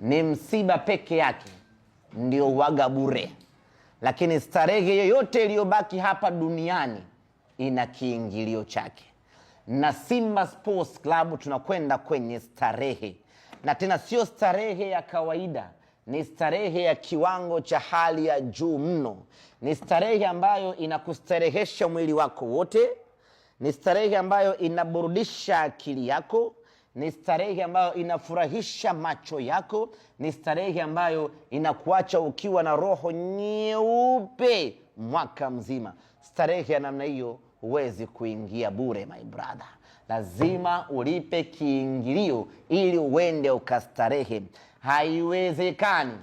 ni msiba peke yake ndio waga bure, lakini starehe yoyote iliyobaki hapa duniani ina kiingilio chake, na Simba Sports Club tunakwenda kwenye starehe, na tena sio starehe ya kawaida ni starehe ya kiwango cha hali ya juu mno. Ni starehe ambayo inakustarehesha mwili wako wote, ni starehe ambayo inaburudisha akili yako, ni starehe ambayo inafurahisha macho yako, ni starehe ambayo inakuacha ukiwa na roho nyeupe mwaka mzima. Starehe ya namna hiyo huwezi kuingia bure, my brother, lazima ulipe kiingilio ili uende ukastarehe. Haiwezekani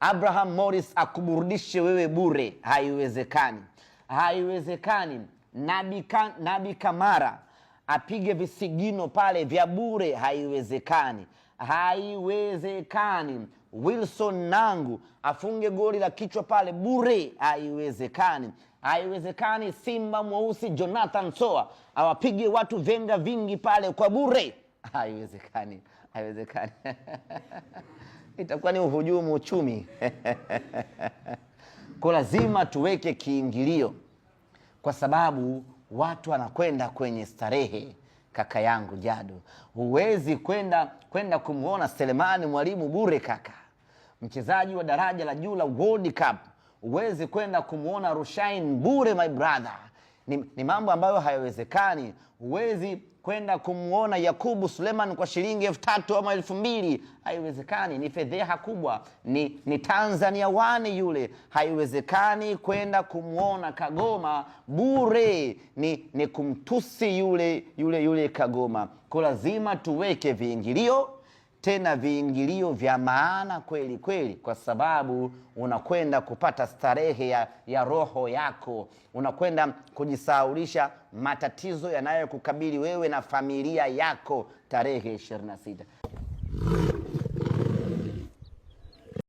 Abraham Morris akuburudishe wewe bure, haiwezekani, haiwezekani. Nabi, ka, Nabi Kamara apige visigino pale vya bure, haiwezekani, haiwezekani. Wilson Nangu afunge goli la kichwa pale bure, haiwezekani, haiwezekani. Simba mweusi Jonathan Soa awapige watu venga vingi pale kwa bure, haiwezekani, haiwezekani. itakuwa ni uhujumu uchumi kwa lazima tuweke kiingilio kwa sababu watu wanakwenda kwenye starehe. Kaka yangu jado huwezi kwenda kwenda kumwona Selemani Mwalimu bure. Kaka mchezaji wa daraja la juu la World Cup, huwezi kwenda kumwona Rushain bure my brother. Ni, ni mambo ambayo hayawezekani. Huwezi kwenda kumwona Yakubu Suleman kwa shilingi elfu tatu ama elfu mbili haiwezekani. Ni fedheha kubwa, ni, ni Tanzania wani yule. Haiwezekani kwenda kumwona Kagoma bure, ni, ni kumtusi yule yule yule Kagoma. Kwa lazima tuweke viingilio tena viingilio vya maana kweli kweli, kwa sababu unakwenda kupata starehe ya, ya roho yako, unakwenda kujisaulisha matatizo yanayokukabili wewe na familia yako tarehe 26.